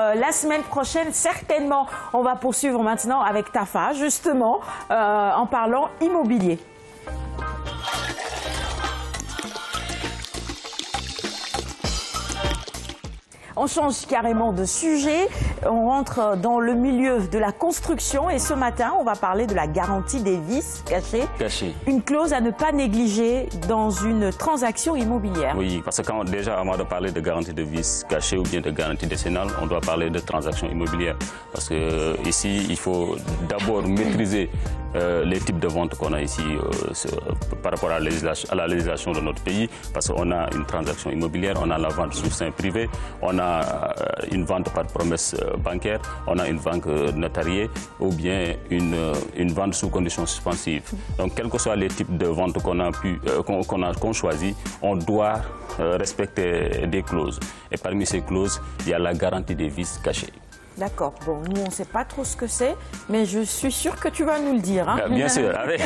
Euh, la semaine prochaine, certainement, on va poursuivre maintenant avec Tafa, justement, euh, en parlant immobilier. On change carrément de sujet. On rentre dans le milieu de la construction et ce matin, on va parler de la garantie des vis cachés. Une clause à ne pas négliger dans une transaction immobilière. Oui, parce que quand, déjà, avant de parler de garantie de vis cachés ou bien de garantie décennale, on doit parler de transaction immobilière. Parce que euh, ici, il faut d'abord maîtriser euh, les types de ventes qu'on a ici euh, par rapport à la, législation, à la législation de notre pays. Parce qu'on a une transaction immobilière, on a la vente sous sein privé, on a euh, une vente par promesse euh, bancaire, on a une vente euh, notariée ou bien une, vente sous conditions suspensives. Donc, quel que soit les types de vente qu'on a, pu, qu'on a qu'on on doit respecter des clauses. Et parmi ces clauses, il y a la garantie des vices cachés. D'accord. Bon, nous, on ne sait pas trop ce que c'est, mais je suis sûr que tu vas nous le dire. Hein. Bah, bien sûr. Avec...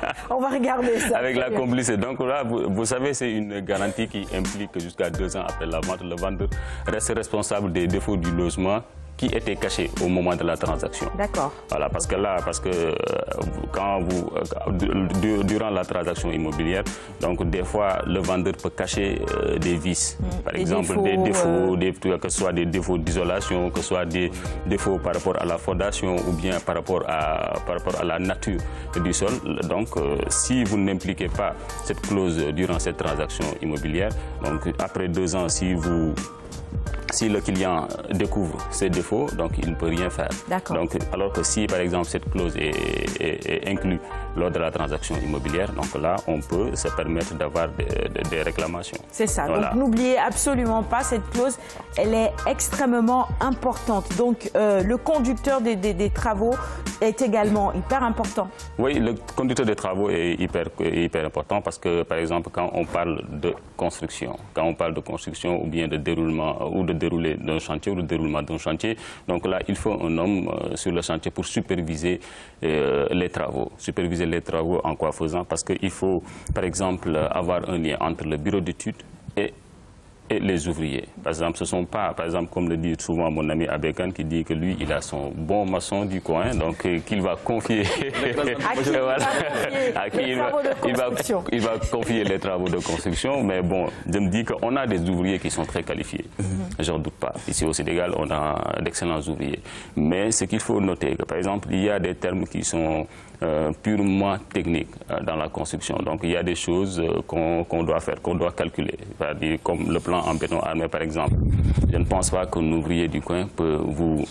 Ah, on va regarder ça. Avec la Donc là, vous, savez, c'est une garantie qui implique que jusqu'à deux ans après la vente, le vendeur reste responsable des défauts du logement qui était caché au moment de la transaction. D'accord. Voilà, parce que là, parce que euh, quand vous, euh, durant la transaction immobilière, donc des fois, le vendeur peut cacher euh, des vices. Mm. Par exemple, des défauts, des, que ce soit des défauts d'isolation, que ce soit des défauts par rapport à la fondation ou bien par rapport à, par rapport à la nature du sol. Donc, si vous n'impliquez pas cette clause durant cette transaction immobilière, donc après deux ans, si vous si le client découvre ses défauts, donc il ne peut rien faire. Donc, alors que si, par exemple, cette clause est, est inclue lors de la transaction immobilière. Donc là, on peut se permettre d'avoir des, réclamations. C'est ça. Donc n'oubliez absolument pas cette clause. Elle est extrêmement importante. Donc euh, le conducteur des, travaux est également hyper important. Oui, le conducteur des travaux est hyper, hyper important parce que, par exemple, quand on parle de construction, quand on parle de construction ou bien de déroulement euh, ou de déroulé d'un chantier ou de déroulement d'un chantier, donc là, il faut un homme euh, sur le chantier pour superviser les travaux, superviser les travaux en quoi faisant Parce qu'il faut, par exemple, avoir un lien entre le bureau d'études et les ouvriers. Par exemple, ce sont pas, par exemple, comme le dit souvent mon ami Abekan, qui dit que lui, il a son bon maçon du coin, donc euh, qu'il va confier. il va, confier les travaux de construction. Mais bon, je me dis qu'on a des ouvriers qui sont très qualifiés. Mhm. je -hmm. doute pas. Ici au Sénégal, on a d'excellents ouvriers. Mais ce qu'il faut noter, que, par exemple, il y a des termes qui sont euh, purement technique euh, dans la construction. Donc il y a des choses euh, qu'on doit faire, qu'on doit calculer. comme le plan en béton armé par exemple. Je ne pense pas qu'un ouvrier du coin peut vous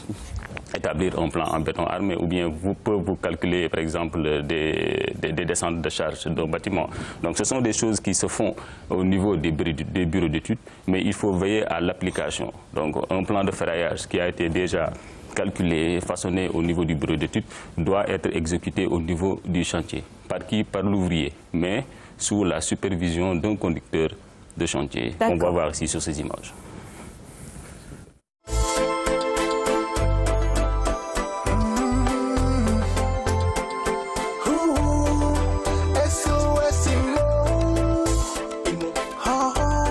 établir un plan en béton armé ou bien vous pouvez vous calculer par exemple des, descentes de charge d'un bâtiment. Donc ce sont des choses qui se font au niveau des, des bureaux d'études, mais il faut veiller à l'application. Donc un plan de ferraillage qui a été déjà Calculé, façonné au niveau du bureau d'études, doit être exécuté au niveau du chantier. Par qui Par l'ouvrier, mais sous la supervision d'un conducteur de chantier. On va voir ici sur ces images.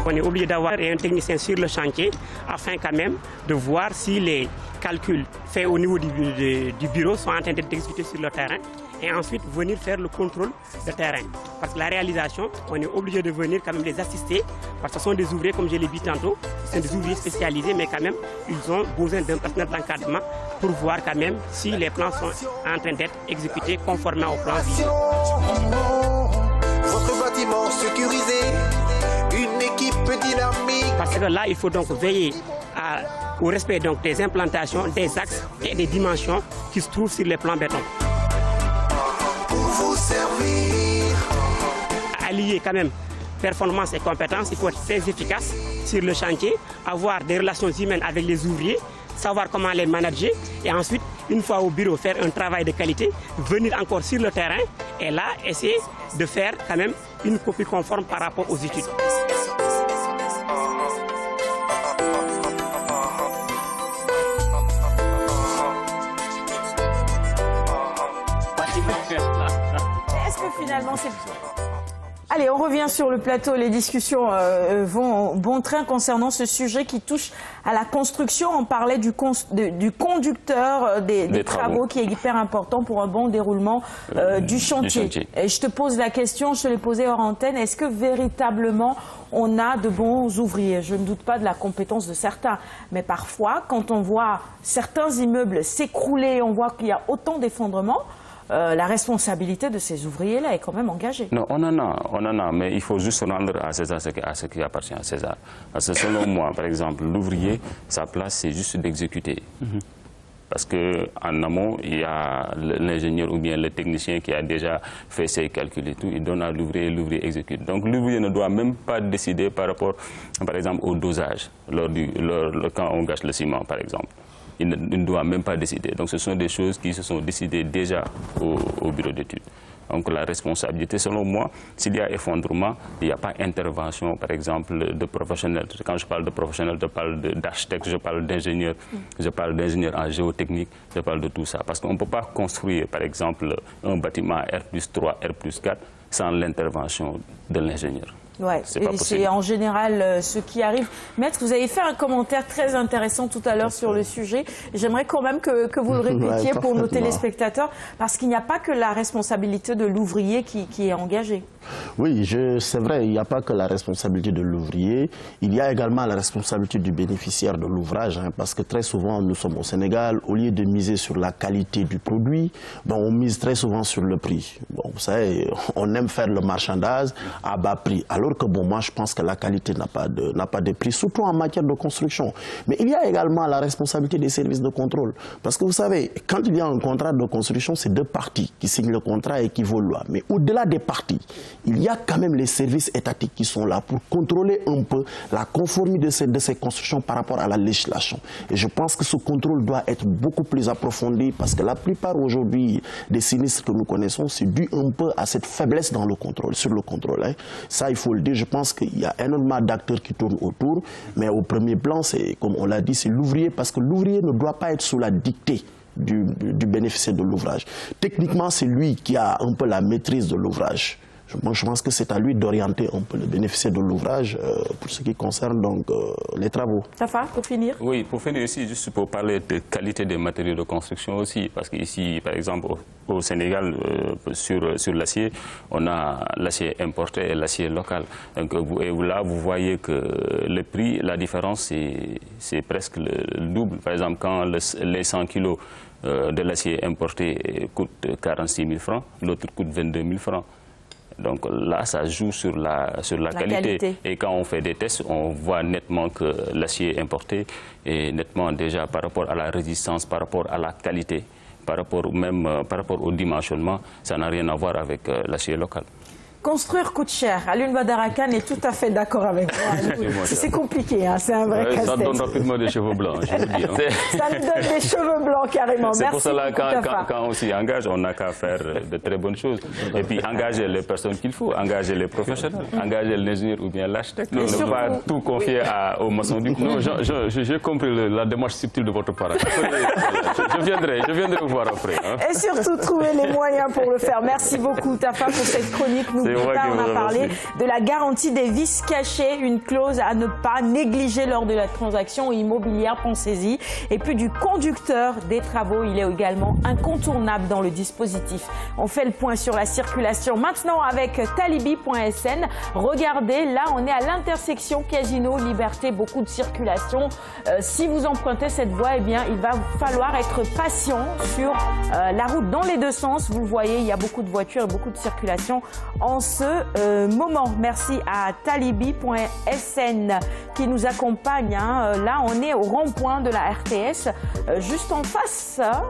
On est obligé d'avoir un technicien sur le chantier afin quand même de voir si les calculs faits au niveau du, bureau sont en train d'être exécutés sur le terrain et ensuite venir faire le contrôle de terrain. Parce que la réalisation, on est obligé de venir quand même les assister, parce que ce sont des ouvriers, comme je l'ai dit tantôt, ce sont des ouvriers spécialisés, mais quand même, ils ont besoin d'un personnel d'encadrement pour voir quand même si les plans sont en train d'être exécutés conformément aux plans. Votre bâtiment sécurisé. Parce que là, il faut donc veiller au respect donc des implantations, des axes et des dimensions qui se trouvent sur les plans béton. Pour Allier quand même performance et compétence, il faut être très efficace sur le chantier, avoir des relations humaines avec les ouvriers, savoir comment les manager et ensuite, une fois au bureau, faire un travail de qualité, venir encore sur le terrain et là, essayer de faire quand même une copie conforme par rapport aux études. c'est... Allez, on revient sur le plateau. Les discussions euh, euh, vont bon train concernant ce sujet qui touche à la construction. On parlait du, conducteur euh, des, travaux. qui est hyper important pour un bon déroulement du, chantier. Et je te pose la question, je te l'ai posée hors antenne. Est-ce que véritablement on a de bons ouvriers Je ne doute pas de la compétence de certains. Mais parfois, quand on voit certains immeubles s'écrouler, on voit qu'il y a autant d'effondrements, euh, la responsabilité de ces ouvriers-là est quand même engagée. Non, on en a, mais il faut juste rendre à César ce qui, appartient à César. Parce que selon moi, par exemple, l'ouvrier, sa place, c'est juste d'exécuter. -hmm parce qu'en amont, il y a l'ingénieur ou bien le technicien qui a déjà fait ses calculs et tout, il donne à l'ouvrier et l'ouvrier exécute. Donc l'ouvrier ne doit même pas décider par rapport, par exemple, au dosage, lors du, lors, quand on gâche le ciment, par exemple ne, doit même pas décider. Donc ce sont des choses qui se sont décidées déjà au, bureau d'études. Donc la responsabilité, selon moi, s'il y a effondrement, il n'y a pas intervention, par exemple, de professionnels. Quand je parle de professionnels, je parle d'architectes, je parle d'ingénieurs, je parle d'ingénieurs en géotechnique, je parle de tout ça. Parce qu'on ne peut pas construire, par exemple, un bâtiment R 3, R 4 sans l'intervention de l'ingénieur. Oui, C'est en général euh, ce qui arrive. Maître, vous avez fait un commentaire très intéressant tout à l'heure sur le sujet. J'aimerais quand même que, vous le répétiez pour nos téléspectateurs, parce qu'il n'y a pas que la responsabilité de l'ouvrier qui, est engagée. Oui, c'est vrai, il n'y a pas que la responsabilité de l'ouvrier, il y a également la responsabilité du bénéficiaire de l'ouvrage, hein, parce que très souvent, nous sommes au Sénégal, au lieu de miser sur la qualité du produit, on mise très souvent sur le prix. vous savez, on aime faire le marchandage à bas prix. Alors que bon, moi je pense que la qualité n'a pas, de, pas prix, surtout en matière de construction. Mais il y a également la responsabilité des services de contrôle. Parce que vous savez, quand il y a un contrat de construction, c'est deux parties qui signent le contrat et qui vont loi. Mais au-delà des parties, il y a quand même les services étatiques qui sont là pour contrôler un peu la conformité de ces, constructions par rapport à la législation. Et je pense que ce contrôle doit être beaucoup plus approfondi parce que la plupart aujourd'hui des sinistres que nous connaissons, c'est dû un peu à cette faiblesse dans le contrôle, sur le contrôle. Hein. Ça, il faut je pense qu'il y a énormément d'acteurs qui tournent autour, mais au premier plan, c'est comme on l'a dit, c'est l'ouvrier, parce que l'ouvrier ne doit pas être sous la dictée. Du, du bénéficiaire de l'ouvrage. Techniquement, c'est lui qui a un peu la maîtrise de l'ouvrage je pense que c'est à lui d'orienter on peut le bénéficier de l'ouvrage euh, pour ce qui concerne donc euh, les travaux. va pour finir Oui, pour finir aussi, juste pour parler de qualité des matériaux de construction aussi, parce qu'ici, par exemple, au, Sénégal, euh, sur, l'acier, on a l'acier importé et l'acier local. et là, vous voyez que le prix, la différence, c'est presque le double. Par exemple, quand les 100 kilos de l'acier importé coûtent 46 000 francs, l'autre coûte 22 000 francs. Donc là, ça joue sur la, qualité. Et quand on fait des tests, on voit nettement que l'acier importé est nettement déjà par rapport à la résistance, par rapport à la qualité, par rapport même euh, par rapport au dimensionnement, ça n'a rien à voir avec euh, l'acier local. Construire coûte cher. Alun Badarakan est tout à fait d'accord avec moi. C'est compliqué, hein, c'est un vrai euh, casse-tête. Ça donne rapidement des cheveux blancs, je vous dis. Hein. Ça nous donne des cheveux blancs carrément. C'est pour cela quand, quand, on s'y engage, on n'a qu'à faire de très bonnes choses. Et puis engager les personnes qu'il faut, engager les professionnels, engager l'ingénieur ou bien l'architecte. Ne surtout, pas tout confier aux maçons du coup. Non, j'ai compris la démarche subtile de votre part. Je, viendrai, je viendrai vous voir après. Hein. Et surtout trouver les moyens pour le faire. Merci beaucoup Tafa pour cette chronique on a parlé de la garantie des vices cachés, une clause à ne pas négliger lors de la transaction immobilière, pensez-y. Et puis du conducteur des travaux, il est également incontournable dans le dispositif. On fait le point sur la circulation maintenant avec talibi.sn. Regardez, là on est à l'intersection Casino, Liberté, beaucoup de circulation. Euh, si vous empruntez cette voie, eh bien il va falloir être patient sur euh, la route dans les deux sens. Vous voyez, il y a beaucoup de voitures et beaucoup de circulation en ce euh, moment. Merci à talibi.sn qui nous accompagne. Hein. Euh, là, on est au rond-point de la RTS, euh, juste en face, hein,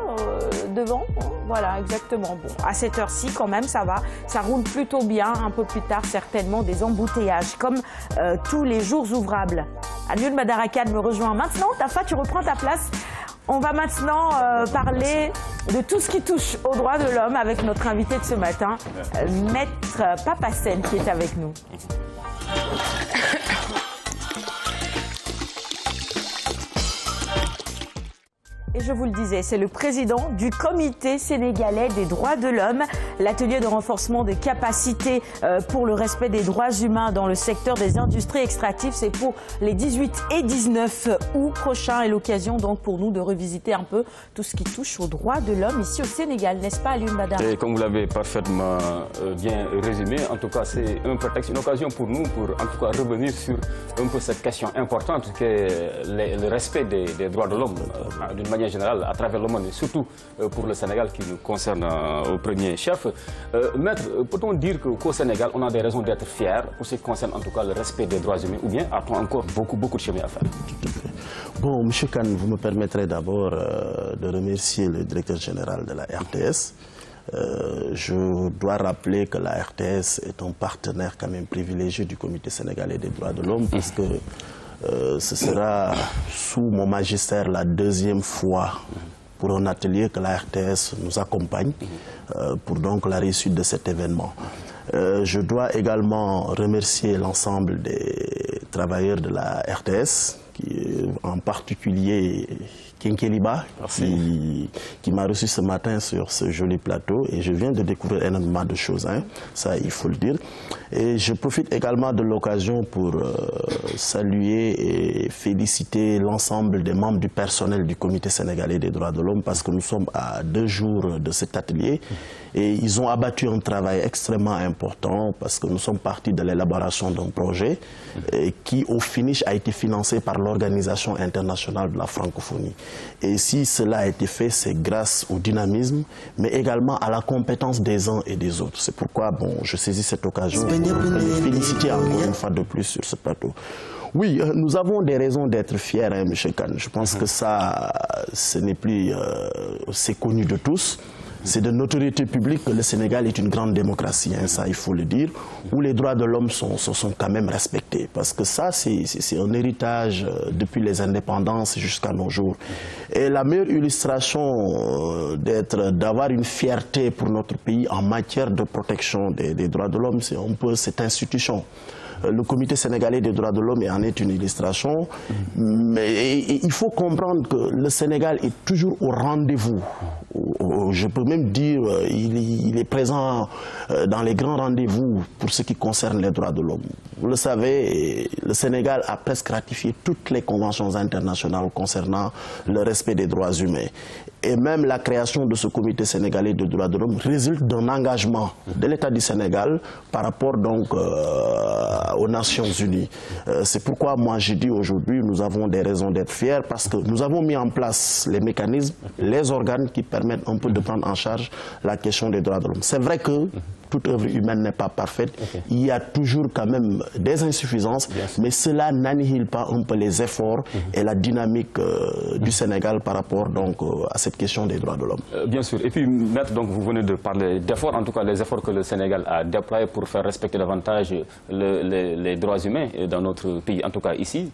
devant. Voilà, exactement. Bon, à cette heure-ci, quand même, ça va. Ça roule plutôt bien. Un peu plus tard, certainement, des embouteillages, comme tous les jours ouvrables. Anul Madarakan me rejoint maintenant. Tafa, tu reprends ta place on va maintenant euh, parler de tout ce qui touche aux droits de l'homme avec notre invité de ce matin, Maître Papassen, qui est avec nous. Et je vous le disais, c'est le président du comité sénégalais des droits de l'homme. L'atelier de renforcement des capacités euh, pour le respect des droits humains dans le secteur des industries extractives, c'est pour les 18 et 19 août prochains. Et l'occasion donc pour nous de revisiter un peu tout ce qui touche aux droits de l'homme ici au Sénégal, n'est-ce pas Alioune Badar Et comme vous l'avez parfaitement euh, bien résumé, en tout cas c'est un prétexte, une occasion pour nous pour en tout cas revenir sur un peu cette question importante est le respect des, des droits de l'homme euh, d'une manière général à travers le monde et surtout euh, pour le Sénégal qui nous concerne euh, au premier chef. Euh, maître, peut-on dire qu'au Sénégal, on a des raisons d'être fiers pour ce qui concerne en tout cas le respect des droits humains ou bien a-t-on encore beaucoup, beaucoup de chemin à faire Bon, M. Khan, vous me permettrez d'abord de remercier le directeur général de la RTS. je dois rappeler que la RTS est un partenaire quand même privilégié du Comité sénégalais des droits de l'homme parce que euh, ce sera sous mon magistère la deuxième fois pour un atelier que la RTS nous accompagne euh, pour donc la réussite de cet événement. Euh, je dois également remercier l'ensemble des travailleurs de la RTS, qui, en particulier Kinkeliba, qui, qui m'a reçu ce matin sur ce joli plateau. Et je viens de découvrir énormément de choses, hein. ça il faut le dire. Et je profite également de l'occasion pour euh, saluer et féliciter l'ensemble des membres du personnel du Comité sénégalais des droits de l'homme parce que nous sommes à deux jours de cet atelier. Et ils ont abattu un travail extrêmement important parce que nous sommes partis de l'élaboration d'un projet mhm. et qui, au finish, a été financé par l'Organisation internationale de la francophonie. Et si cela a été fait, c'est grâce au dynamisme, mais également à la compétence des uns et des autres. C'est pourquoi bon, je saisis cette occasion pour féliciter encore une fois de plus sur ce plateau. Oui, euh, nous avons des raisons d'être fiers, hein, M. Kahn. Je pense mhm. que ça, ce n'est plus... Euh, c'est connu de tous. C'est de notoriété publique que le Sénégal est une grande démocratie, hein, ça il faut le dire, où les droits de l'homme sont, sont, quand même respectés. Parce que ça, c'est un héritage euh, depuis les indépendances jusqu'à nos jours. Et la meilleure illustration euh, d'avoir une fierté pour notre pays en matière de protection des, des droits de l'homme, c'est un peu cette institution euh, le comité sénégalais des droits de l'homme en est une illustration. Mm. Mais il faut comprendre que le Sénégal est toujours au rendez-vous euh, je peux même dire, euh, il, est présent euh, dans les grands rendez-vous pour ce qui concerne les droits de l'homme. Vous le savez, le Sénégal a presque ratifié toutes les conventions internationales concernant le respect des droits humains. Et même la création de ce comité sénégalais de droits de l'homme résulte d'un engagement de l'État du Sénégal par rapport donc aux Nations Unies. C'est pourquoi moi j'ai dis aujourd'hui nous avons des raisons d'être fiers parce que nous avons mis en place les mécanismes, les organes qui permettent permettre un peu de mhm. prendre en charge la question des droits de l'homme. C'est vrai que mhm toute œuvre humaine n'est pas parfaite. Il y a toujours quand même des insuffisances, mais cela n'annihile pas un peu les efforts mhm. et la dynamique euh, du Sénégal par rapport euh, à cette question des droits de l'homme. Euh, bien sûr. Et puis, Maître, donc, vous venez de parler d'efforts, en tout cas les efforts que le Sénégal a déployés pour faire respecter davantage les, droits humains dans notre pays, en tout cas ici.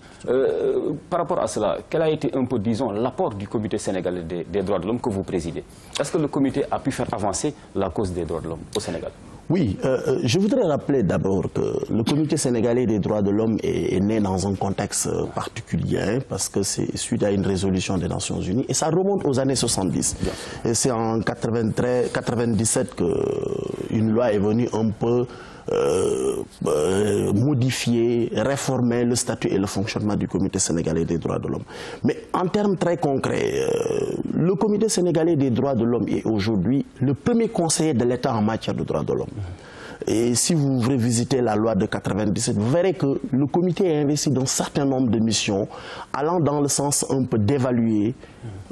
par rapport à cela, quel a été un peu, disons, l'apport du comité sénégalais des droits de l'homme que vous présidez Est-ce que le comité a pu faire avancer la cause des droits de l'homme au Sénégal oui, euh, euh, je voudrais rappeler d'abord que le comité sénégalais des droits de l'homme est, né dans un contexte euh, particulier hein, parce que c'est suite à une résolution des Nations Unies et ça remonte aux années 70. Et c'est en 93, 97 qu'une loi est venue un peu euh, euh, modifier, réformer le statut et le fonctionnement du Comité sénégalais des droits de l'homme. Mais en termes très concrets, euh, le Comité sénégalais des droits de l'homme est aujourd'hui le premier conseiller de l'État en matière de droits de l'homme. Et si vous revisitez la loi de 1997, vous verrez que le comité est investi dans un certain nombre de missions allant dans le sens un peu d'évaluer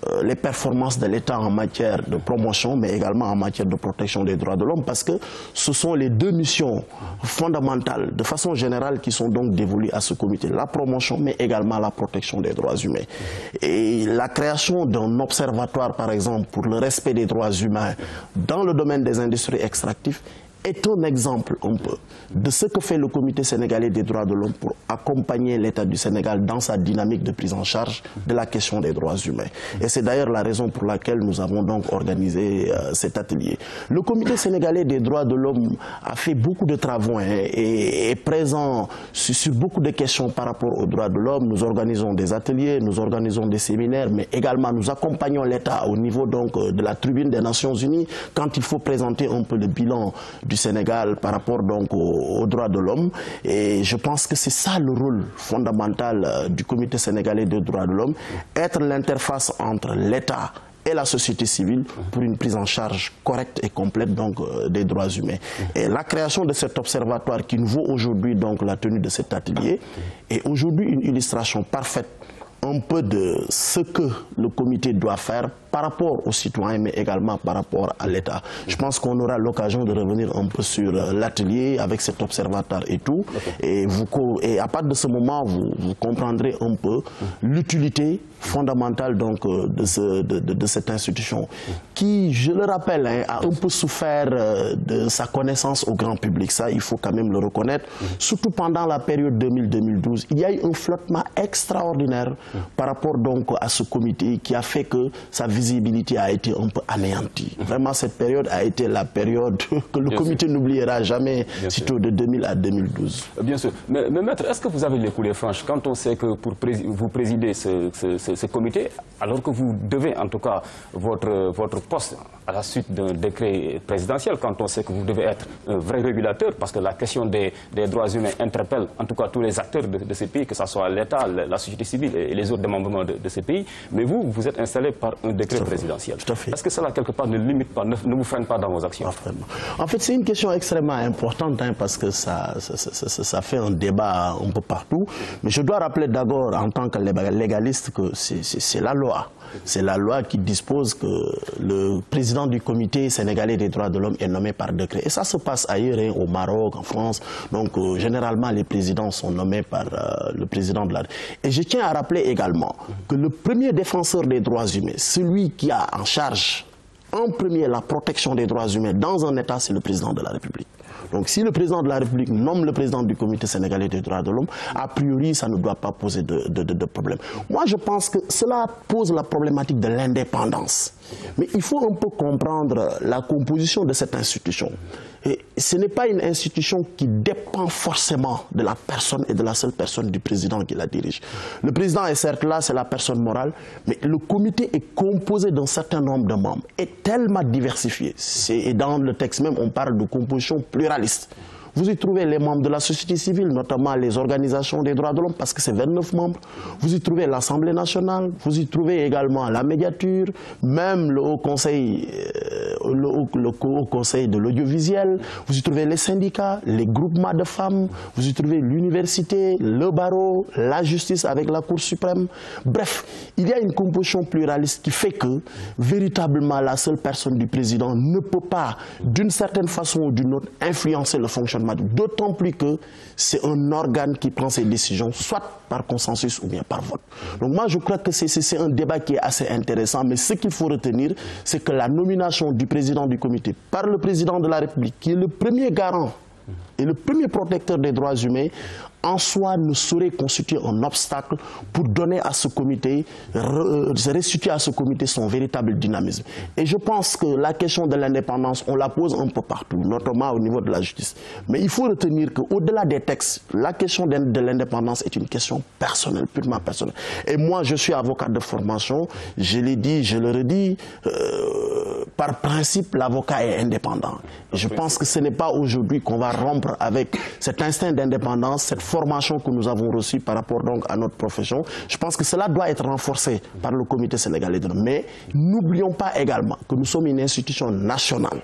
euh, les performances de l'État en matière de promotion, mais également en matière de protection des droits de l'homme, parce que ce sont les deux missions fondamentales, de façon générale, qui sont donc dévolues à ce comité. La promotion, mais également la protection des droits humains. Et la création d'un observatoire, par exemple, pour le respect des droits humains dans le domaine des industries extractives est un exemple on peut de ce que fait le Comité sénégalais des droits de l'homme pour accompagner l'État du Sénégal dans sa dynamique de prise en charge de la question des droits humains. Et c'est d'ailleurs la raison pour laquelle nous avons donc organisé euh, cet atelier. Le Comité sénégalais des droits de l'homme a fait beaucoup de travaux hein, et est présent sur, beaucoup de questions par rapport aux droits de l'homme. Nous organisons des ateliers, nous organisons des séminaires, mais également nous accompagnons l'État au niveau donc euh, de la tribune des Nations Unies quand il faut présenter un peu le bilan du Sénégal par rapport donc aux, droits de l'homme. Et je pense que c'est ça le rôle fondamental euh, du Comité sénégalais des droits de l'homme, être l'interface entre l'État et la société civile pour une prise en charge correcte et complète donc, euh, des droits humains. Et la création de cet observatoire qui nous vaut aujourd'hui donc, la tenue de cet atelier est aujourd'hui une illustration parfaite un peu de ce que le comité doit faire par rapport aux citoyens, mais également par rapport à l'État. Je pense qu'on aura l'occasion de revenir un peu sur euh, l'atelier avec cet observatoire et tout. Et, vous, et à partir de ce moment, vous, comprendrez un peu l'utilité fondamentale donc, euh, de, ce, de, cette institution qui, je le rappelle, hein, a un peu souffert euh, de sa connaissance au grand public. Ça, il faut quand même le reconnaître. Surtout pendant la période 2000-2012, il y a eu un flottement extraordinaire par rapport donc à ce comité qui a fait que sa visite a été un peu anéantie. Vraiment, cette période a été la période que le comité n'oubliera jamais, sitôt de 2000 à 2012. Bien sûr. Mais, maître, est-ce que vous avez les coulées franches quand on sait que pour vous présidez ce, comité, alors que vous devez en tout cas votre, votre poste à la suite d'un décret présidentiel, quand on sait que vous devez être un vrai régulateur, parce que la question des, droits humains interpelle en tout cas tous les acteurs de, de ces pays, que ce soit l'État, la, société civile et les autres membres de, de ces pays. Mais vous, vous êtes installé par un décret présidentielle. Est-ce que cela, quelque part, ne limite pas, ne, vous freine pas dans vos actions ah, En fait, c'est une question extrêmement importante hein, parce que ça, ça, ça, ça, fait un débat un peu partout. Mais je dois rappeler d'abord, en tant que légaliste, que c'est la loi. C'est la loi qui dispose que le président du comité sénégalais des droits de l'homme est nommé par décret. Et ça se passe ailleurs, hein, au Maroc, en France. Donc, euh, généralement, les présidents sont nommés par euh, le président de la Et je tiens à rappeler également que le premier défenseur des droits humains, celui qui a en charge en premier la protection des droits humains dans un État, c'est le président de la République. Donc si le président de la République nomme le président du comité sénégalais des droits de l'homme, a priori, ça ne doit pas poser de, problème. Moi, je pense que cela pose la problématique de l'indépendance. Mais il faut un peu comprendre la composition de cette institution ce n'est pas une institution qui dépend forcément de la personne et de la seule personne du président qui la dirige. Le président est certes là, c'est la personne morale, mais le comité est composé d'un certain nombre de membres, est tellement diversifié. et dans le texte même, on parle de composition pluraliste. Vous y trouvez les membres de la société civile, notamment les organisations des droits de l'homme, parce que c'est 29 membres. Vous y trouvez l'Assemblée nationale, vous y trouvez également la médiature, même le Haut Conseil, euh, le conseil de l'audiovisuel, vous y trouvez les syndicats, les groupements de femmes, vous y trouvez l'université, le barreau, la justice avec la Cour suprême. Bref, il y a une composition pluraliste qui fait que véritablement la seule personne du président ne peut pas, d'une certaine façon ou d'une autre, influencer le fonctionnement d'autant plus que c'est un organe qui prend ses décisions, soit par consensus ou bien par vote. Donc moi, je crois que c'est un débat qui est assez intéressant, mais ce qu'il faut retenir, c'est que la nomination du président du comité par le président de la République, qui est le premier garant et le premier protecteur des droits humains, en soi ne saurait constituer un obstacle pour donner à ce comité, euh, restituer à ce comité son véritable dynamisme. Et je pense que la question de l'indépendance, on la pose un peu partout, notamment au niveau de la justice. Mais il faut retenir qu'au-delà des textes, la question de l'indépendance est une question personnelle, purement personnelle. Et moi, je suis avocat de formation, je l'ai dit, je le redis, euh, par principe, l'avocat est indépendant. Je pense que ce n'est pas aujourd'hui qu'on va rompre avec cet instinct d'indépendance, cette formation que nous avons reçue par rapport à notre profession. Je pense que cela doit être renforcé par le comité sénégalais Mais n'oublions pas également que nous sommes une institution nationale.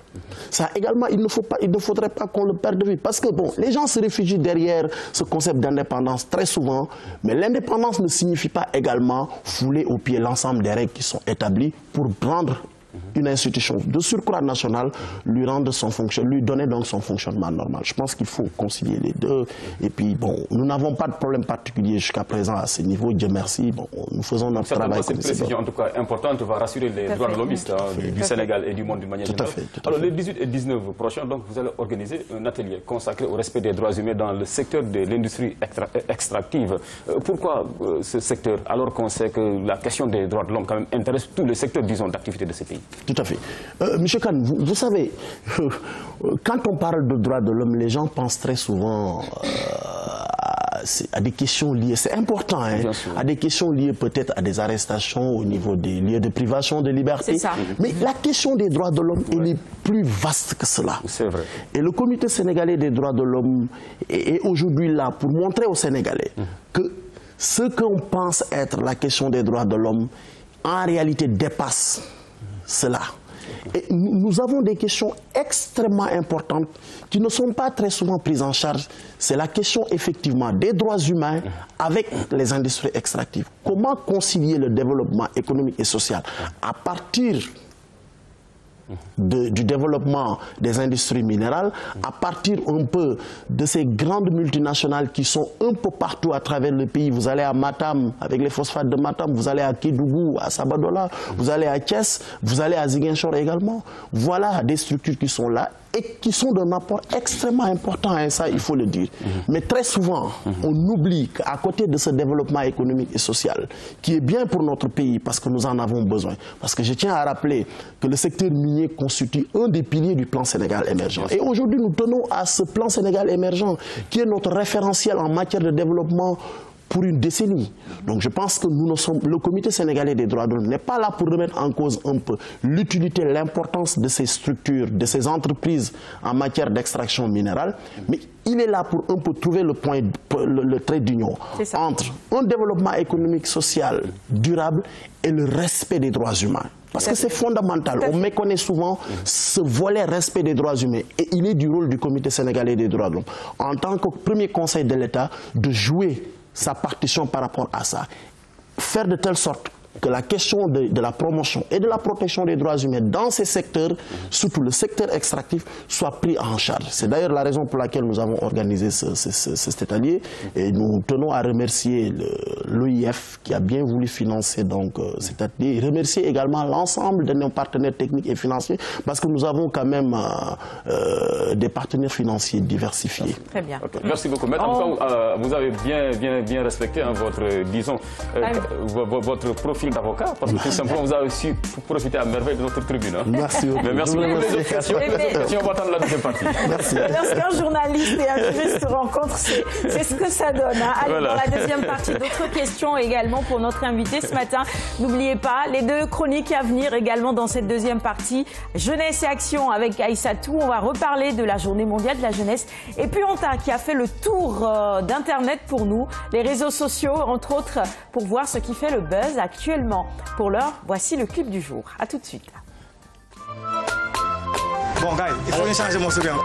Ça également, il ne, il ne faudrait pas qu'on le perde de vue. Parce que bon, les gens se réfugient derrière ce concept d'indépendance très souvent, mais l'indépendance ne signifie pas également fouler au pied l'ensemble des règles qui sont établies pour prendre Mhm. une institution de surcroît nationale lui rende son fonction, lui donner donc son fonctionnement normal. Je pense qu'il faut concilier les deux. Et puis bon, nous n'avons pas de problème particulier jusqu'à présent à ce niveau. Dieu merci. Bon, nous faisons notre travail. Cette précision, en tout cas importante, va rassurer les droits de lobbyistes hein, du, Sénégal et du monde du manière tout À fait, Alors les 18 et 19 prochains, donc vous allez organiser un atelier consacré au respect des droits humains dans le secteur de l'industrie extractive. Euh, pourquoi euh, ce secteur alors qu'on sait que la question des droits de l'homme quand même intéresse tous les secteurs, disons, d'activité de ces pays tout à fait. Euh, Monsieur Kahn, vous, savez, euh, quand on parle de droits de l'homme, les gens pensent très souvent euh, à, des questions liées, c'est important, hein, à des questions liées peut-être à des arrestations au niveau des lieux de privation de liberté. Mais la question des droits de l'homme, elle est plus vaste que cela. C'est vrai. Et le Comité sénégalais des droits de l'homme est, aujourd'hui là pour montrer aux Sénégalais hum. que ce qu'on pense être la question des droits de l'homme, en réalité dépasse cela. Et nous avons des questions extrêmement importantes qui ne sont pas très souvent prises en charge. C'est la question effectivement des droits humains avec les industries extractives. Comment concilier le développement économique et social à partir du développement des industries minérales à partir un peu de ces grandes multinationales qui sont un peu partout à travers le pays. Vous allez à Matam avec les phosphates de Matam, vous allez à Kédougou, à Sabadola, vous allez à Thiès, vous allez à Ziguinchor également. Voilà des structures qui sont là et qui sont d'un apport extrêmement important, et hein, ça il faut le dire. Mais très souvent, on oublie qu'à côté de ce développement économique et social, qui est bien pour notre pays parce que nous en avons besoin, parce que je tiens à rappeler que le secteur minier constitue un des piliers du plan Sénégal émergent. Et aujourd'hui, nous tenons à ce plan Sénégal émergent qui est notre référentiel en matière de développement pour une décennie. Donc je pense que sommes, le comité sénégalais des droits de l'homme n'est pas là pour remettre en cause un peu l'utilité, l'importance de ces structures, de ces entreprises en matière d'extraction minérale, mais il est là pour un peu trouver le, point, le, le trait d'union entre un développement économique, social, durable et le respect des droits humains. Parce que c'est fondamental. On méconnaît souvent ce volet respect des droits humains. Et il est du rôle du Comité sénégalais des droits de l'homme, en tant que premier conseil de l'État, de jouer sa partition par rapport à ça. Faire de telle sorte que la question de, la promotion et de la protection des droits humains dans ces secteurs, surtout le secteur extractif, soit pris en charge. C'est d'ailleurs la raison pour laquelle nous avons organisé cet atelier et nous tenons à remercier l'OIF qui a bien voulu financer donc, euh, cet atelier et remercier également l'ensemble de nos partenaires techniques et financiers parce que nous avons quand même euh, euh, des partenaires financiers diversifiés. Très bien. Merci beaucoup. Madame, vous avez bien, bien, respecté hein, votre, disons, ah votre profil profil d'avocat, parce que tout simplement, vous avez aussi profiter à merveille de notre tribune. Hein. Merci beaucoup. Mais merci beaucoup. Les autres Merci, on va attendre la deuxième partie. Merci. Lorsqu'un journaliste et un juriste se rencontrent, c'est ce que ça donne. Hein. Allez, dans la deuxième partie, d'autres questions également pour notre invité ce matin. N'oubliez pas, les deux chroniques à venir également dans cette deuxième partie. Jeunesse et action avec Aïssatou. On va reparler de la journée mondiale de la jeunesse. Et puis, on a qui a fait le tour euh, d'Internet pour nous, les réseaux sociaux, entre autres, pour voir ce qui fait le buzz actuel pour l'heure, voici le clip du jour. A tout de suite. Bon, gars, il faut changer mon souvenir.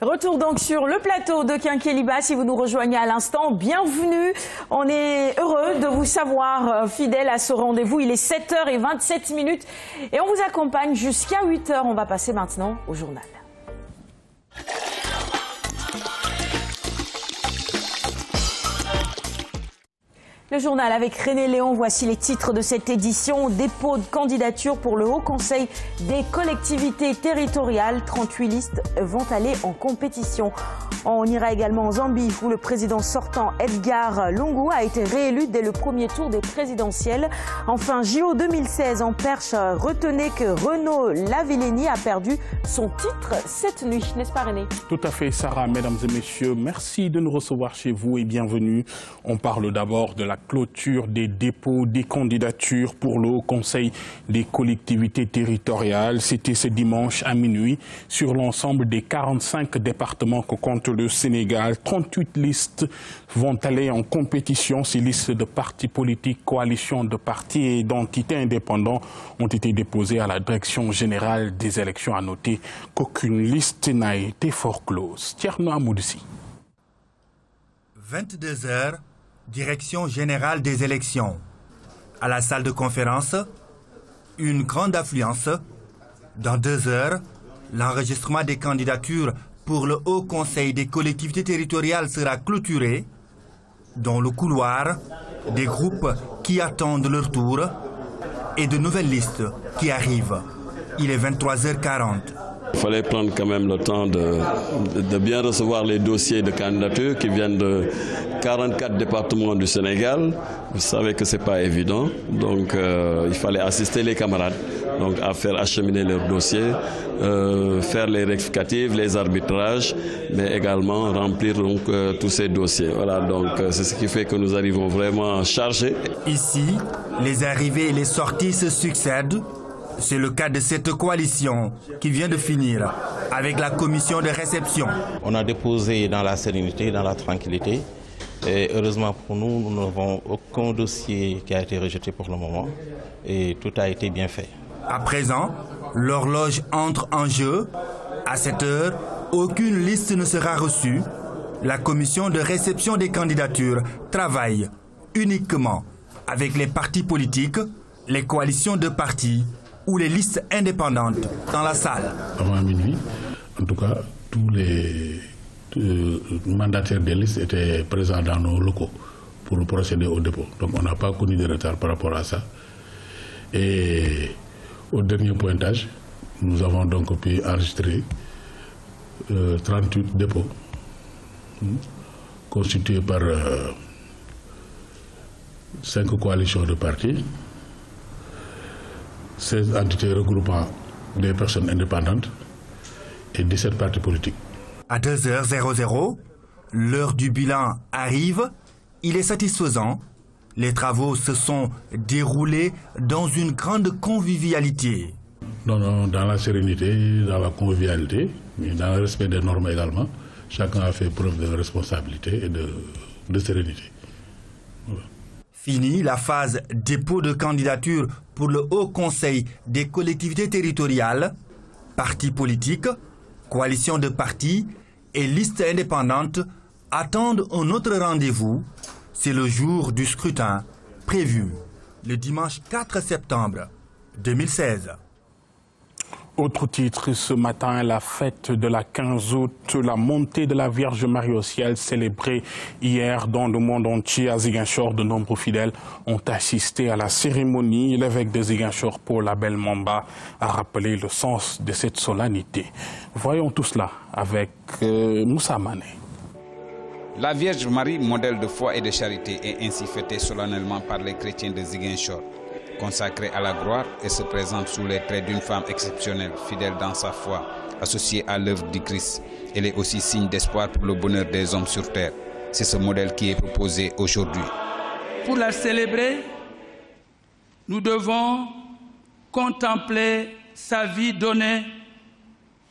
Retour donc sur le plateau de Quinqueliba. Si vous nous rejoignez à l'instant, bienvenue. On est heureux de vous savoir euh, fidèle à ce rendez-vous. Il est 7h27 et on vous accompagne jusqu'à 8h. On va passer maintenant au journal. Le journal avec René Léon, voici les titres de cette édition. Dépôt de candidature pour le Haut Conseil des collectivités territoriales. 38 listes vont aller en compétition. On ira également en Zambie où le président sortant Edgar Lungu a été réélu dès le premier tour des présidentielles. Enfin, JO 2016 en perche. Retenez que Renaud Lavillenie a perdu son titre cette nuit, n'est-ce pas René Tout à fait Sarah, mesdames et messieurs, merci de nous recevoir chez vous et bienvenue. On parle d'abord de la clôture des dépôts des candidatures pour le Conseil des collectivités territoriales. C'était ce dimanche à minuit sur l'ensemble des 45 départements que compte le Sénégal. 38 listes vont aller en compétition. Ces listes de partis politiques, coalitions de partis et d'entités indépendants ont été déposées à la direction générale des élections. À noter qu'aucune liste n'a été foreclose. Tierno Amoudsi. 22 heures Direction générale des élections. À la salle de conférence, une grande affluence. Dans deux heures, l'enregistrement des candidatures pour le Haut Conseil des collectivités territoriales sera clôturé. Dans le couloir, des groupes qui attendent leur tour et de nouvelles listes qui arrivent. Il est 23h40. Il fallait prendre quand même le temps de, bien recevoir les dossiers de candidature qui viennent de 44 départements du Sénégal. Vous savez que ce n'est pas évident, donc euh, il fallait assister les camarades donc à faire acheminer leurs dossiers, euh, faire les rectificatives, les arbitrages, mais également remplir donc, euh, tous ces dossiers. Voilà, donc c'est ce qui fait que nous arrivons vraiment chargés. Ici, les arrivées et les sorties se succèdent c'est le cas de cette coalition qui vient de finir avec la commission de réception. On a déposé dans la sérénité, dans la tranquillité. Et heureusement pour nous, nous n'avons aucun dossier qui a été rejeté pour le moment. Et tout a été bien fait. À présent, l'horloge entre en jeu. À cette heure, aucune liste ne sera reçue. La commission de réception des candidatures travaille uniquement avec les partis politiques, les coalitions de partis ou les listes indépendantes dans la salle. Avant minuit, en tout cas, tous les euh, mandataires des listes étaient présents dans nos locaux pour procéder au dépôt. Donc on n'a pas connu de retard par rapport à ça. Et au dernier pointage, nous avons donc pu enregistrer 38 euh, dépôts constitués par euh, cinq coalitions de partis. 16 entités regroupant des personnes indépendantes et 17 partis politiques. À 2h00, l'heure du bilan arrive. Il est satisfaisant. Les travaux se sont déroulés dans une grande convivialité. Non, non, dans la sérénité, dans la convivialité, mais dans le respect des normes également. Chacun a fait preuve de responsabilité et de, sérénité. Fini la phase dépôt de candidature pour le Haut Conseil des collectivités territoriales, partis politiques, coalitions de partis et listes indépendantes attendent un autre rendez-vous. C'est le jour du scrutin prévu le dimanche 4 septembre 2016. Autre titre, ce matin, la fête de la 15 août, la montée de la Vierge Marie au ciel, célébrée hier dans le monde entier à Ziguinchor. De nombreux fidèles ont assisté à la cérémonie. L'évêque de Ziguinchor, Paul Abel Mamba, a rappelé le sens de cette solennité. Voyons tout cela avec euh, Moussa Mané. La Vierge Marie, modèle de foi et de charité, est ainsi fêtée solennellement par les chrétiens de Ziguinchor consacrée à la gloire et se présente sous les traits d'une femme exceptionnelle, fidèle dans sa foi, associée à l'œuvre du Christ. Elle est aussi signe d'espoir pour le bonheur des hommes sur terre. C'est ce modèle qui est proposé aujourd'hui. Pour la célébrer, nous devons contempler sa vie donnée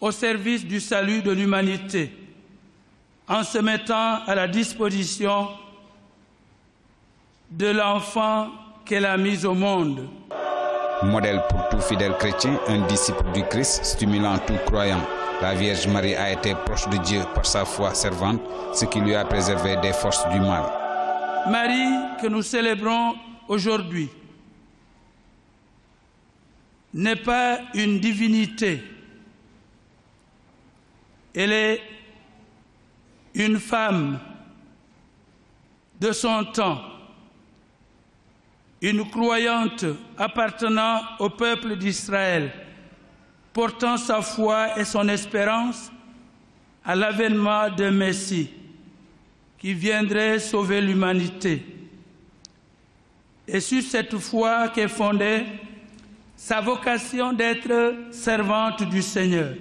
au service du salut de l'humanité en se mettant à la disposition de l'enfant qu'elle a mise au monde. Modèle pour tout fidèle chrétien, un disciple du Christ stimulant tout croyant. La Vierge Marie a été proche de Dieu par sa foi servante, ce qui lui a préservé des forces du mal. Marie que nous célébrons aujourd'hui n'est pas une divinité. Elle est une femme de son temps une croyante appartenant au peuple d'Israël, portant sa foi et son espérance à l'avènement de Messie qui viendrait sauver l'humanité. Et sur cette foi qu'est fondée sa vocation d'être servante du Seigneur.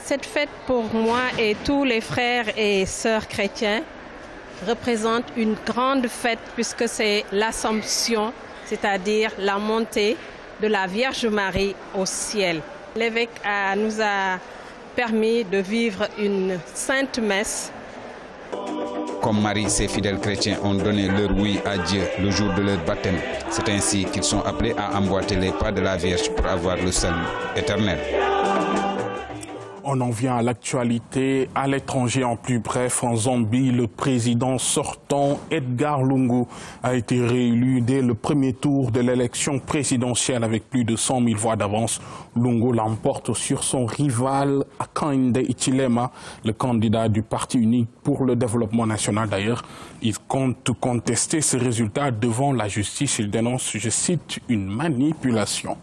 Cette fête pour moi et tous les frères et sœurs chrétiens représente une grande fête puisque c'est l'Assomption, c'est-à-dire la montée de la Vierge Marie au ciel. L'évêque nous a permis de vivre une sainte messe. Comme Marie, ses fidèles chrétiens ont donné leur oui à Dieu le jour de leur baptême. C'est ainsi qu'ils sont appelés à emboîter les pas de la Vierge pour avoir le salut éternel on en vient à l'actualité. À l'étranger, en plus bref, en Zambie, le président sortant Edgar Lungu a été réélu dès le premier tour de l'élection présidentielle avec plus de 100 000 voix d'avance. Lungu l'emporte sur son rival Akande Itilema, le candidat du Parti unique pour le développement national d'ailleurs. Il compte contester ce résultat devant la justice. Il dénonce, je cite, une manipulation.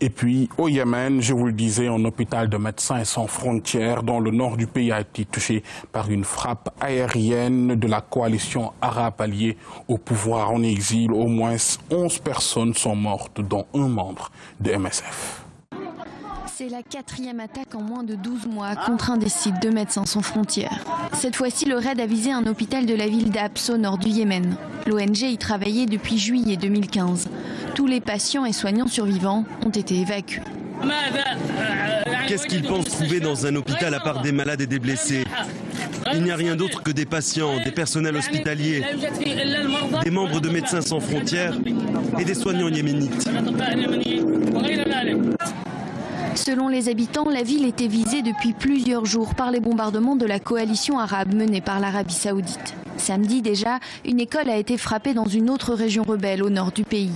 Et puis au Yémen, je vous le disais, un hôpital de médecins sans frontières dans le nord du pays a été touché par une frappe aérienne de la coalition arabe alliée au pouvoir en exil. Au moins 11 personnes sont mortes, dont un membre de MSF. C'est la quatrième attaque en moins de 12 mois ah. contre un des sites de Médecins sans frontières. Cette fois-ci, le raid a visé un hôpital de la ville d'Apso, nord du Yémen. L'ONG y travaillait depuis juillet 2015. Tous les patients et soignants survivants ont été évacués. Qu'est-ce qu'ils pensent trouver dans un hôpital à part des malades et des blessés Il n'y a rien d'autre que des patients, des personnels hospitaliers, des membres de Médecins sans frontières et des soignants yéménites. Selon les habitants, la ville était visée depuis plusieurs jours par les bombardements de la coalition arabe menée par l'Arabie saoudite. Samedi déjà, une école a été frappée dans une autre région rebelle au nord du pays.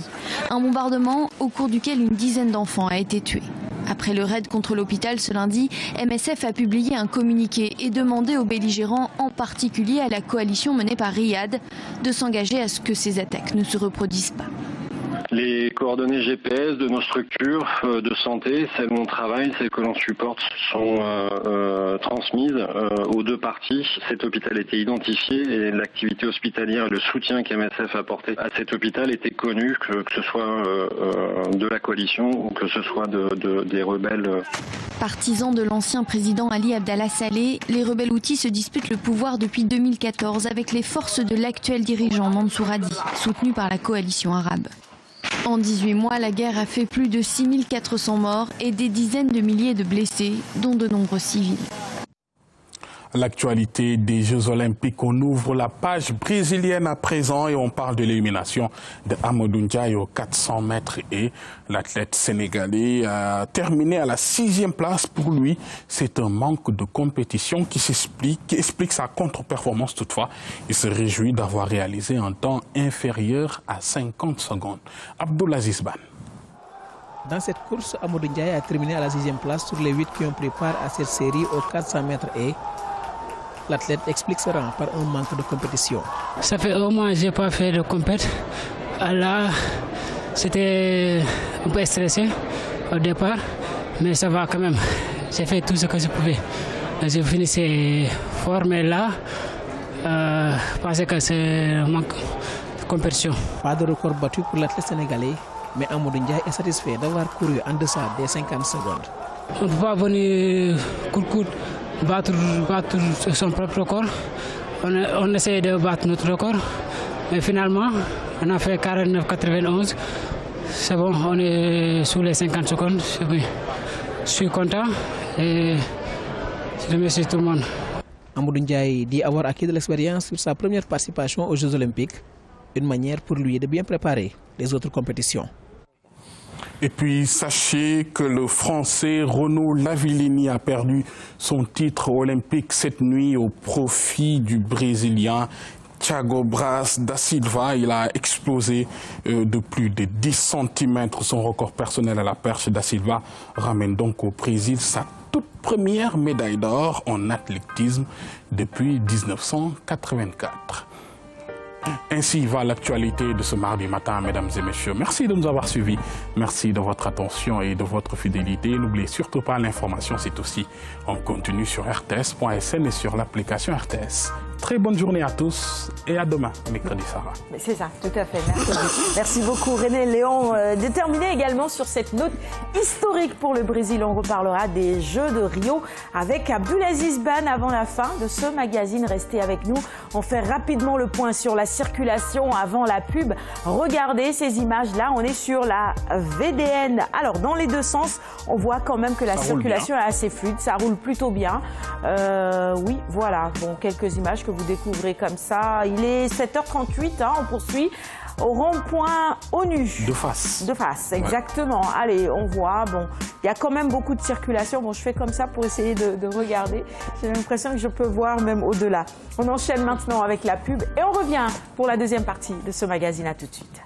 Un bombardement au cours duquel une dizaine d'enfants a été tués. Après le raid contre l'hôpital ce lundi, MSF a publié un communiqué et demandé aux belligérants, en particulier à la coalition menée par Riyad, de s'engager à ce que ces attaques ne se reproduisent pas les coordonnées GPS de nos structures euh, de santé, celles où on travaille, celles que l'on supporte, sont euh, euh, transmises aux deux parties. Cet hôpital était identifié et l'activité hospitalière et le soutien qu'MSF apporté à cet hôpital était connu, que, ce soit de la coalition ou que ce soit des rebelles. Partisans de l'ancien président Ali Abdallah Saleh, les rebelles outils se disputent le pouvoir depuis 2014 avec les forces de l'actuel dirigeant Mansour Hadi, soutenu par la coalition arabe. En 18 mois, la guerre a fait plus de 6400 morts et des dizaines de milliers de blessés, dont de nombreux civils l'actualité des Jeux Olympiques. On ouvre la page brésilienne à présent et on parle de l'élimination de Amadou Ndiaye aux 400 mètres et l'athlète sénégalais a terminé à la sixième place. Pour lui, c'est un manque de compétition qui s'explique, qui explique sa contre-performance toutefois. Il se réjouit d'avoir réalisé un temps inférieur à 50 secondes. Abdoulaziz Ban. Dans cette course, Amadou Ndiaye a terminé à la sixième place sur les huit qui ont pris à cette série aux 400 mètres et L'athlète explique rang par un manque de compétition. Ça fait un mois que je n'ai pas fait de compète. Ah, là, c'était un peu stressé au départ, mais ça va quand même. J'ai fait tout ce que je pouvais. J'ai fini fort, mais là, parce euh, que c'est un manque de compétition. Pas de record battu pour l'athlète sénégalais, mais Amadou est satisfait d'avoir couru en deçà des 50 secondes. On ne peut pas venir court-court battre, son propre record. On, essaie de battre notre record. mais finalement, on a fait 49 C'est bon, on est sous les 50 secondes. Je suis content et je remercie tout le monde. Amadou Ndiaye dit avoir acquis de l'expérience sur sa première participation aux Jeux Olympiques, une manière pour lui de bien préparer les autres compétitions. Et puis sachez que le Français Renaud Lavillini a perdu son titre olympique cette nuit au profit du Brésilien Thiago Bras da Silva, il a explosé euh, de plus de 10 cm son record personnel à la perche. Da Silva ramène donc au Brésil sa toute première médaille d'or en athlétisme depuis 1984. Ainsi va l'actualité de ce mardi matin, mesdames et messieurs. Merci de nous avoir suivis. Merci de votre attention et de votre fidélité. N'oubliez surtout pas l'information, c'est aussi en continu sur rts.sn et sur l'application RTS. Très bonne journée à tous et à demain, mercredi Sarah. C'est ça, tout à fait. Merci, beaucoup René Léon. Euh, déterminé également sur cette note historique pour le Brésil, on reparlera des Jeux de Rio avec Abdulaziz Ban avant la fin de ce magazine. Restez avec nous. On fait rapidement le point sur la circulation avant la pub. Regardez ces images-là, on est sur la VDN. Alors, dans les deux sens, on voit quand même que la circulation est assez fluide, ça roule plutôt bien. Euh, oui, voilà, bon, quelques images que vous découvrez comme ça. Il est 7h38, hein, on poursuit au rond-point ONU. De face. De face, exactement. Allez, on voit. Bon, il y a quand même beaucoup de circulation. Bon, je fais comme ça pour essayer de, de regarder. J'ai l'impression que je peux voir même au-delà. On enchaîne maintenant avec la pub et on revient pour la deuxième partie de ce magazine. À tout de suite.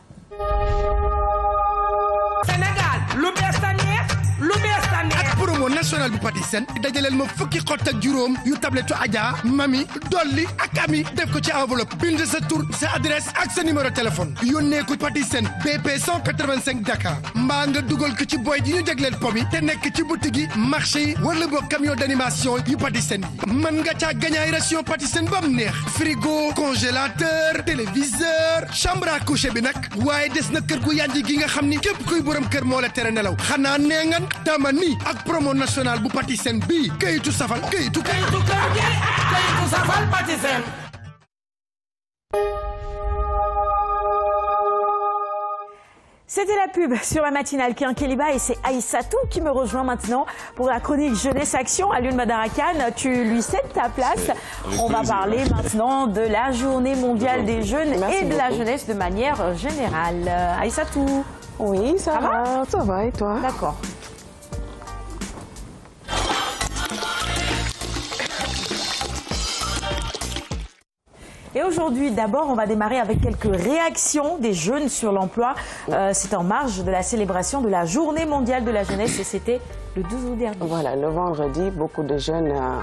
union nationale bu pâtissienne dajaleel ma fukki xott ak juróom yu tabletu Adja mami dolli ak ami def ko ci enveloppe bind sa tur sa adresse ak sa numéro téléphone yónnee ko Sen BP 185 Dakar mbaa nga dugal ko ci boy ji ñu jagleel pom yi te nekk ci boutique yi marché yi wala boog camion d'animation yu pâtissienne yi mën nga caa gañ ay ration pâtissienne ba mu neex frigo congélateur téléviseur chambre à coucher bi nag waaye des na kër gu yànji gi nga xam ni képp kuy borom kër moo la tere nelaw xanaa nee nga dama ni ak promo C'était la pub sur la matinale Kéliba et c'est Aïssatou qui me rejoint maintenant pour la chronique Jeunesse Action. à Lune Madarakan, tu lui cèdes ta place. On va parler maintenant de la journée mondiale des jeunes et de la jeunesse de manière générale. Aïssatou. Oui, ça, va, va, Ça va et toi D'accord. Et aujourd'hui, d'abord, on va démarrer avec quelques réactions des jeunes sur l'emploi. Euh, c'est en marge de la célébration de la Journée mondiale de la jeunesse et c'était le 12 août dernier. Voilà, le vendredi, beaucoup de jeunes euh,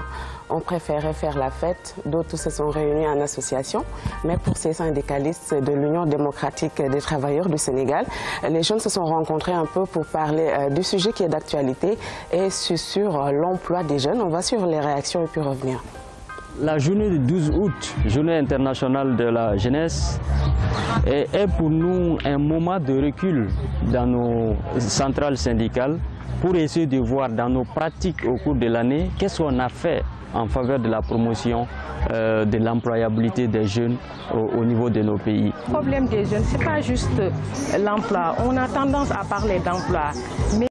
ont préféré faire la fête. D'autres se sont réunis en association. Mais pour ces syndicalistes de l'Union démocratique des travailleurs du Sénégal, les jeunes se sont rencontrés un peu pour parler euh, du sujet qui est d'actualité et sur l'emploi des jeunes. On va suivre les réactions et puis revenir. La journée du 12 août, journée internationale de la jeunesse, est pour nous un moment de recul dans nos centrales syndicales pour essayer de voir dans nos pratiques au cours de l'année qu'est-ce qu'on a fait en faveur de la promotion euh, de l'employabilité des jeunes au, niveau de nos pays. Le problème des jeunes, ce n'est pas juste l'emploi. On a tendance à parler d'emploi. Mais...